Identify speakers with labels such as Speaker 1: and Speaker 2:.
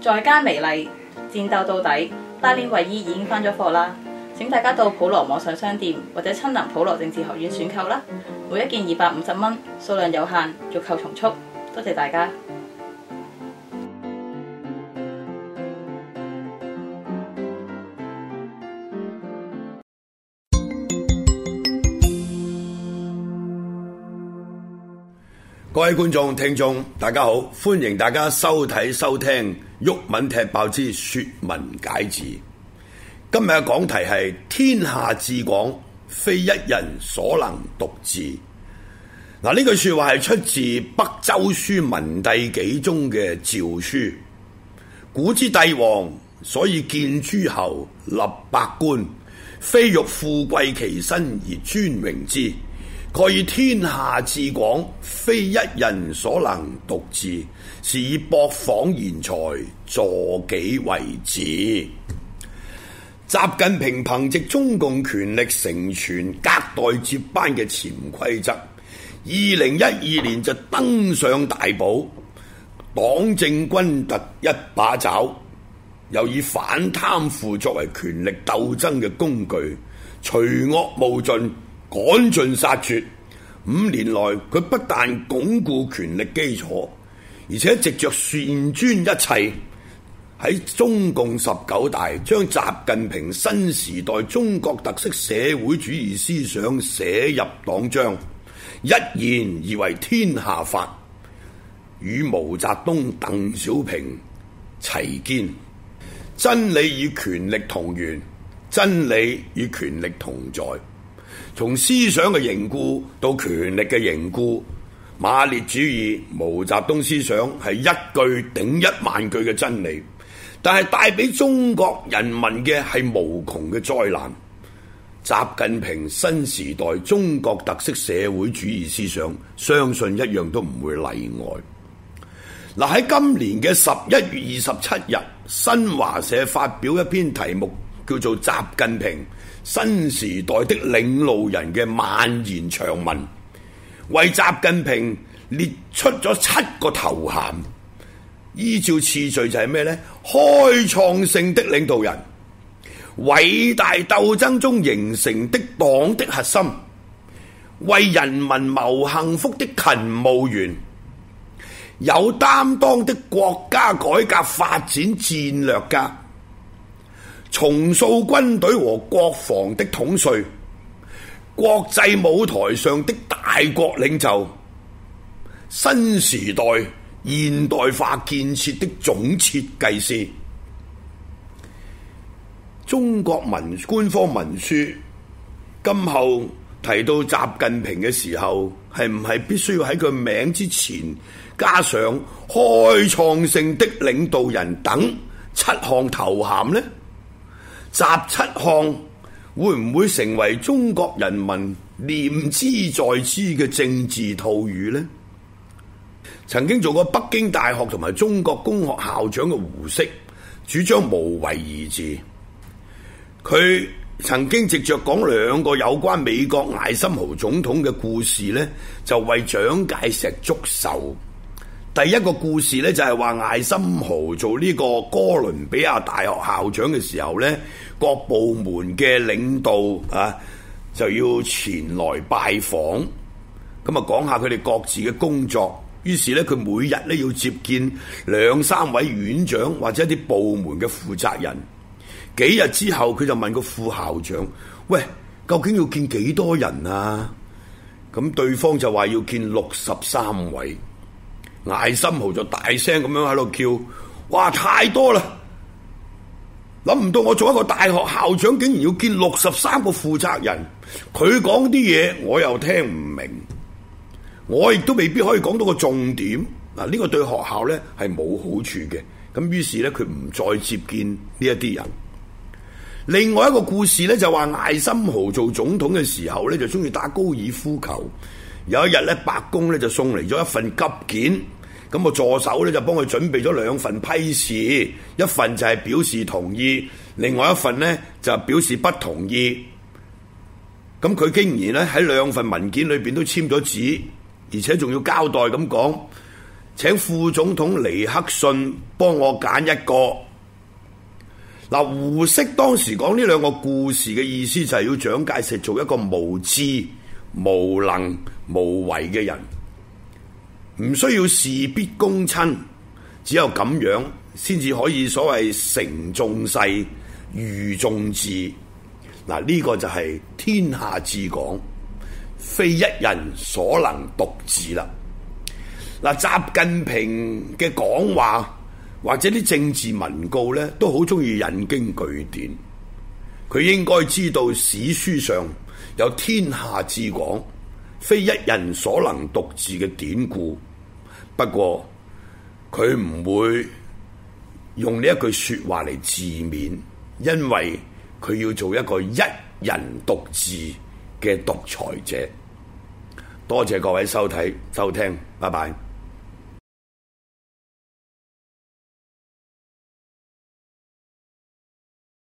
Speaker 1: 在家微利，戰鬥到底！拉鏈衛衣已經翻咗貨啦，請大家到普羅網上商店或者親臨普羅政治學院選購啦，每一件二百五十蚊，數量有限，欲購從速，多謝大家。各位觀眾、聽眾，大家好，歡迎大家收睇、收聽《毓民踢爆之說文解字》。今日嘅講題係：天下至廣，非一人所能獨治。嗱，呢句說話係出自《北周書·文帝紀》中嘅詔書。古之帝王，所以建諸侯、立百官，非欲富貴其身而尊榮之。蓋以天下至廣，非一人所能獨治，是以博訪賢才，助己為治。習近平憑藉中共權力成全隔代接班嘅潛規則，二零一二年就登上大寶，黨政軍特一把抓，又以反貪腐作為權力鬥爭嘅工具，除惡務盡。趕盡殺絕，五年來佢不但鞏固權力基礎，而且藉着擅專一切，喺中共十九大將習近平新時代中國特色社會主義思想寫入黨章，一言而為天下法，與毛澤東、鄧小平齊肩，真理與權力同源，真理與權力同在。從思想嘅凝固到權力嘅凝固，馬列主義、毛澤東思想係一句頂一萬句嘅真理，但係帶俾中國人民嘅係無窮嘅災難。習近平新時代中國特色社會主義思想，相信一樣都唔會例外。嗱，喺今年嘅十一月二十七日，新華社發表一篇題目。叫做習近平新時代的領路人嘅萬言長文，為習近平列出咗七個頭銜，依照次序就係咩呢？開創性的領導人，偉大鬥爭中形成的黨的核心，為人民謀幸福的勤務員，有擔當的國家改革發展戰略家。重塑軍隊和國防的統帥，國際舞台上的大國領袖，新時代現代化建設的總設計師，中國文官方文書，今後提到習近平嘅時候，係唔係必須要喺佢名之前加上開創性的領導人等七項頭銜呢？集七項會唔會成為中國人民念之在之嘅政治套語呢？曾經做過北京大學同埋中國工學校長嘅胡適，主張無為而治。佢曾經直著講兩個有關美國艾森豪總統嘅故事呢，就為蔣介石祝壽。第一個故事咧，就係話艾森豪做呢個哥倫比亞大學校長嘅時候咧，各部門嘅領導啊，就要前來拜訪，咁啊講下佢哋各自嘅工作。於是咧，佢每日咧要接見兩三位院長或者一啲部門嘅負責人。幾日之後，佢就問個副校長：「喂，究竟要見幾多人啊？咁對方就話要見六十三位。艾森豪就大聲咁樣喺度叫：哇，太多啦！諗唔到我做一個大學校長，竟然要見六十三個負責人。佢講啲嘢我又聽唔明，我亦都未必可以講到個重點。嗱，呢個對學校呢係冇好處嘅。咁於是呢，佢唔再接見呢一啲人。另外一個故事呢，就話艾森豪做總統嘅時候呢，就中意打高爾夫球。有一日咧，白宮咧就送嚟咗一份急件，咁我助手咧就幫佢準備咗兩份批示，一份就係表示同意，另外一份呢就表示不同意。咁佢竟然咧喺兩份文件裏邊都簽咗字，而且仲要交代咁講，請副總統尼克遜幫我揀一個。嗱，胡適當時講呢兩個故事嘅意思就係要蔣介石做一個無知無能無為嘅人，唔需要事必躬親，只有咁樣先至可以所謂成眾勢，御眾志。嗱、這、呢個就係天下至廣，非一人所能獨治啦。嗱，習近平嘅講話或者啲政治文告呢，都好中意引經據典。佢應該知道史書上。有天下之廣，非一人所能獨治嘅典故。不過，佢唔會用呢一句説話嚟自勉，因為佢要做一個一人獨治嘅獨裁者。多謝各位收睇收聽，拜拜。